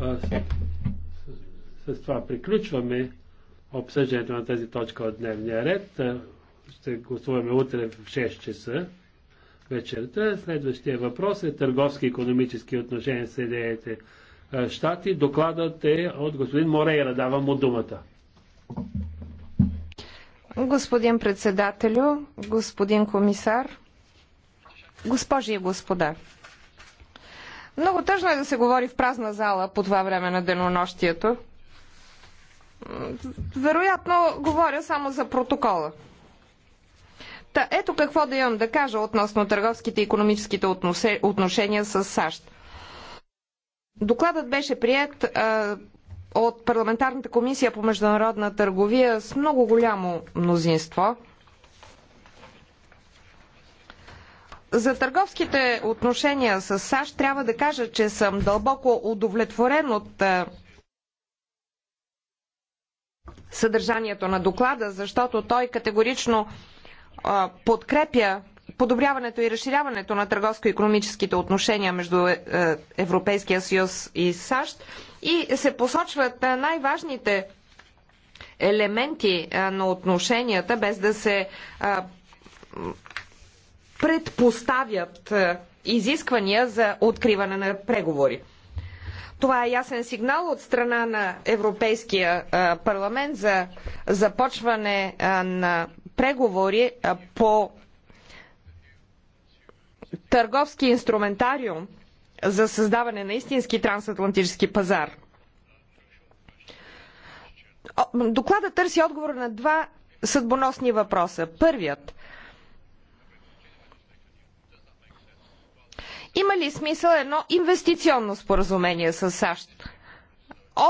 С, с това приключваме обсъждането на тази точка от дневния ред. Ще гласуваме утре в 6 часа вечерта. Следващия въпрос е търговски и економически отношения с Съединените щати. Докладът е от господин Морейра. Давам му думата. Господин председателю, господин комисар, госпожи и господа. Много тъжно е да се говори в празна зала по това време на денонощието. Вероятно, говоря само за протокола. Та ето какво да имам да кажа относно търговските и економическите отношения с САЩ. Докладът беше прият а, от Парламентарната комисия по международна търговия с много голямо мнозинство – За търговските отношения с САЩ трябва да кажа, че съм дълбоко удовлетворен от е, съдържанието на доклада, защото той категорично е, подкрепя подобряването и разширяването на търговско-економическите отношения между е, Европейския съюз и САЩ и се посочват най-важните елементи на отношенията, без да се предпоставят е, изисквания за откриване на преговори. Това е ясен сигнал от страна на Европейския е, парламент за започване е, на преговори по търговски инструментариум за създаване на истински трансатлантически пазар. Докладът търси отговор на два съдбоносни въпроса. Първият Има ли смисъл едно инвестиционно споразумение с САЩ?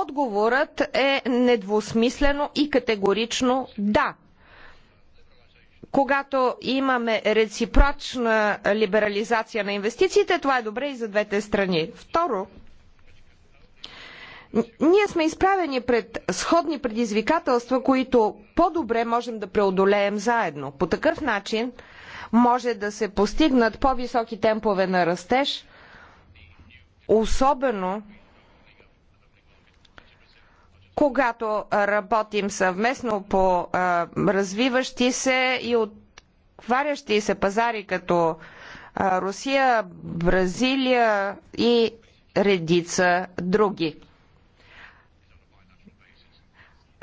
Отговорът е недвусмислено и категорично да. Когато имаме реципрочна либерализация на инвестициите, това е добре и за двете страни. Второ, ние сме изправени пред сходни предизвикателства, които по-добре можем да преодолеем заедно. По такъв начин може да се постигнат по-високи темпове на растеж, особено когато работим съвместно по а, развиващи се и отварящи се пазари като а, Русия, Бразилия и редица други.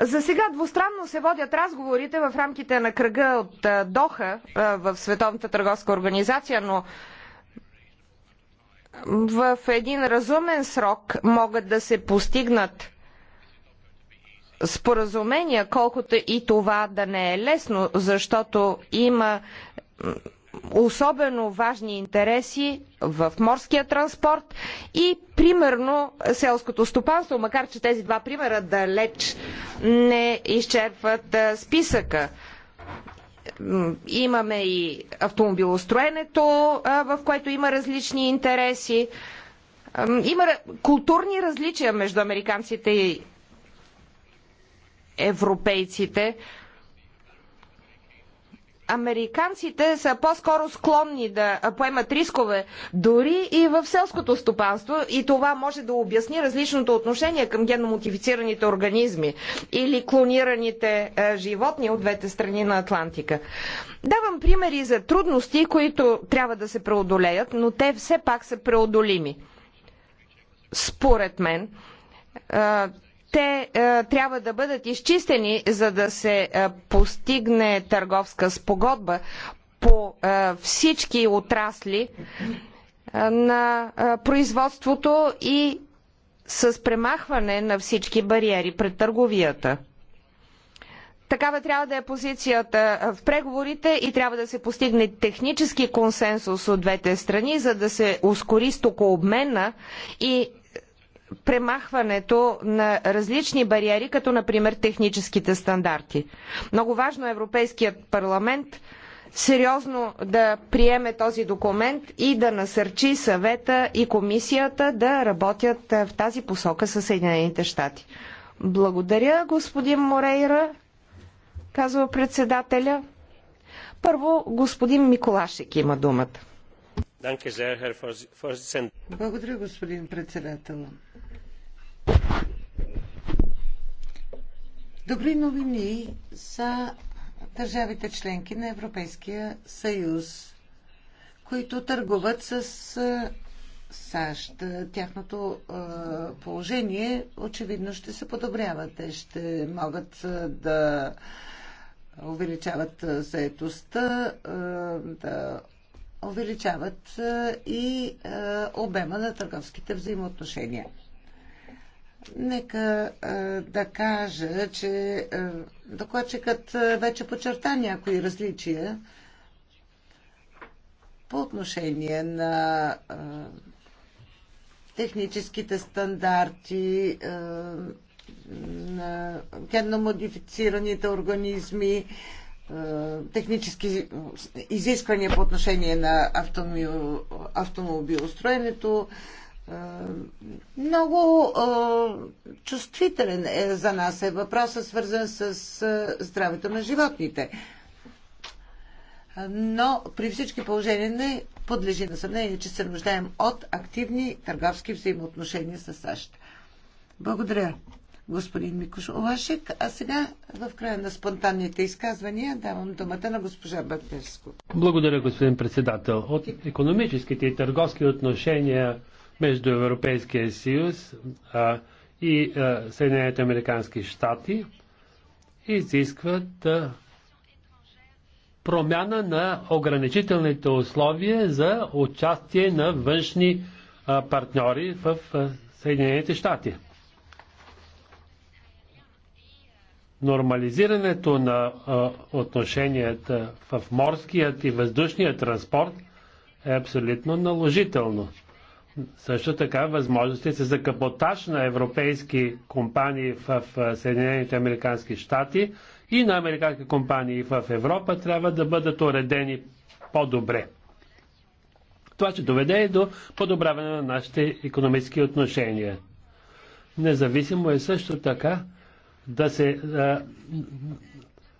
За сега двустранно се водят разговорите в рамките на кръга от Доха в Световната търговска организация, но в един разумен срок могат да се постигнат споразумения, колкото и това да не е лесно, защото има особено важни интереси в морския транспорт и примерно селското стопанство, макар че тези два примера далеч не изчерпват списъка. Имаме и автомобилостроенето, в което има различни интереси. Има културни различия между американците и европейците американците са по-скоро склонни да поемат рискове дори и в селското стопанство и това може да обясни различното отношение към генномодифицираните организми или клонираните е, животни от двете страни на Атлантика. Давам примери за трудности, които трябва да се преодолеят, но те все пак са преодолими. Според мен, е, те е, трябва да бъдат изчистени, за да се е, постигне търговска спогодба по е, всички отрасли е, на е, производството и с премахване на всички бариери пред търговията. Такава трябва да е позицията е, в преговорите и трябва да се постигне технически консенсус от двете страни, за да се ускори стокообмена и премахването на различни бариери, като например техническите стандарти. Много важно е Европейският парламент сериозно да приеме този документ и да насърчи съвета и комисията да работят е, в тази посока с Съединените щати. Благодаря, господин Морейра, казва председателя. Първо, господин Миколашек има думата. Благодаря, господин председател. Добри новини са държавите членки на Европейския съюз, които търгуват с САЩ. Тяхното положение очевидно ще се подобрява. Те ще могат да увеличават заетостта, да увеличават и обема на търговските взаимоотношения. Нека а, да кажа, че а, докладчикът вече подчерта някои различия по отношение на а, техническите стандарти, а, на генно модифицираните организми, а, технически изисквания по отношение на автомобилостроенето. Автомобил много чувствителен е, за нас е въпросът, свързан с здравето на животните. Но при всички положения не подлежи на съмнение, че се нуждаем от активни търговски взаимоотношения с САЩ. Благодаря, господин Микош Овашек. А сега, в края на спонтанните изказвания, давам думата на госпожа Батерско. Благодаря, господин председател. От економическите и търговски отношения между Европейския съюз а, и а, Съединените американски щати изискват а, промяна на ограничителните условия за участие на външни а, партньори в а, Съединените щати. Нормализирането на а, отношенията в морският и въздушния транспорт е абсолютно наложително също така възможностите за капотаж на европейски компании в Съединените Американски щати и на американски компании в Европа трябва да бъдат уредени по-добре. Това ще доведе и до подобряване на нашите економически отношения. Независимо е също така да се а,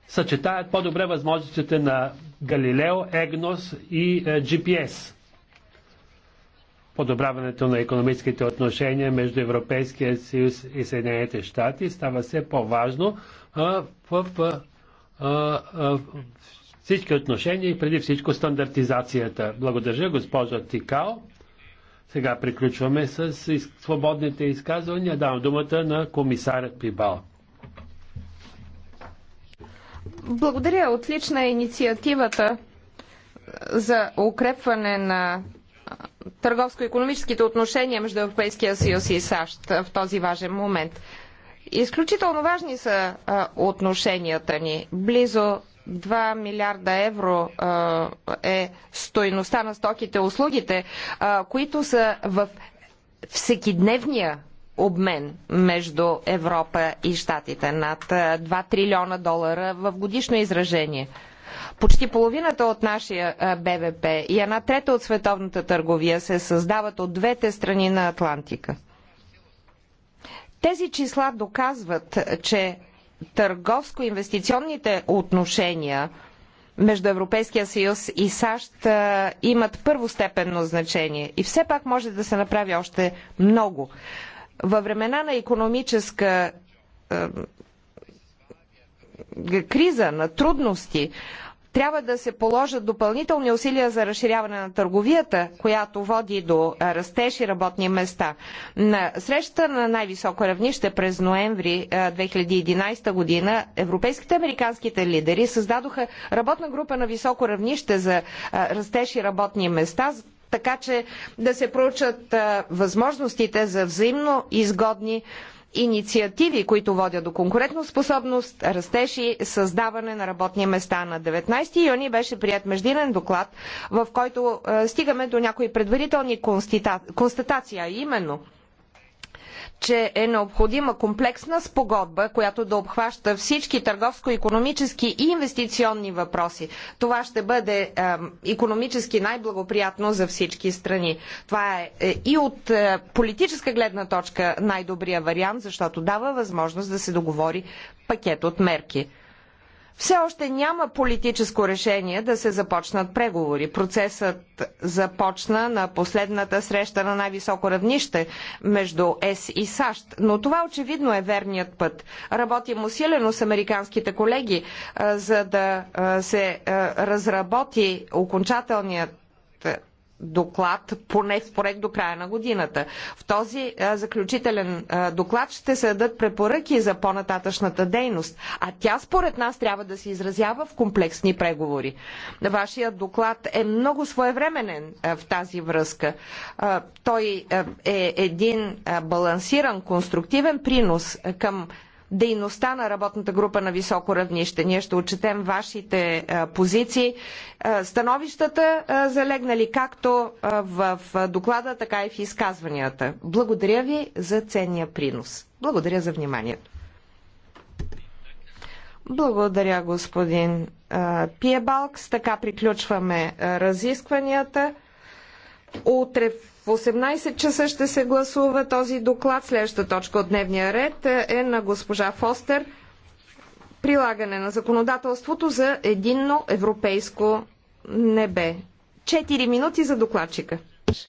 съчетаят по-добре възможностите на Галилео, Егнос и а, GPS подобряването на економическите отношения между Европейския съюз и Съединените щати става все по-важно в, в, в всички отношения и преди всичко стандартизацията. Благодаря, госпожа Тикао. Сега приключваме с свободните изказвания. Давам думата на комисарят Пибал. Благодаря. Отлична е инициативата за укрепване на търговско-економическите отношения между Европейския съюз и САЩ в този важен момент. Изключително важни са отношенията ни. Близо 2 милиарда евро е стойността на стоките и услугите, които са в всекидневния обмен между Европа и Штатите. Над 2 трилиона долара в годишно изражение. Почти половината от нашия БВП и една трета от световната търговия се създават от двете страни на Атлантика. Тези числа доказват, че търговско-инвестиционните отношения между Европейския съюз и САЩ имат първостепенно значение. И все пак може да се направи още много. Във времена на економическа криза, на трудности, трябва да се положат допълнителни усилия за разширяване на търговията, която води до растеж и работни места. На срещата на най-високо равнище през ноември 2011 година европейските американските лидери създадоха работна група на високо равнище за растеж и работни места, така че да се проучат възможностите за взаимно изгодни инициативи, които водят до конкурентоспособност, растеж и създаване на работни места. На 19 юни беше прият междинен доклад, в който е, стигаме до някои предварителни констатации, а именно – че е необходима комплексна спогодба, която да обхваща всички търговско-економически и инвестиционни въпроси. Това ще бъде економически най-благоприятно за всички страни. Това е, е и от е, политическа гледна точка най-добрия вариант, защото дава възможност да се договори пакет от мерки. Все още няма политическо решение да се започнат преговори. Процесът започна на последната среща на най-високо равнище между ЕС и САЩ, но това очевидно е верният път. Работим усилено с американските колеги, за да се разработи окончателният доклад, поне според до края на годината. В този заключителен доклад ще се дадат препоръки за по-нататъчната дейност, а тя според нас трябва да се изразява в комплексни преговори. Вашият доклад е много своевременен в тази връзка. Той е един балансиран, конструктивен принос към дейността на работната група на високо равнище. Ние ще отчетем вашите е, позиции, е, становищата е, залегнали както в доклада, така и в изказванията. Благодаря ви за ценния принос. Благодаря за вниманието. Благодаря, господин Пиебалкс. Така приключваме разискванията. Утре в 18 часа ще се гласува този доклад. Следващата точка от дневния ред е на госпожа Фостер. Прилагане на законодателството за единно европейско небе. Четири минути за докладчика.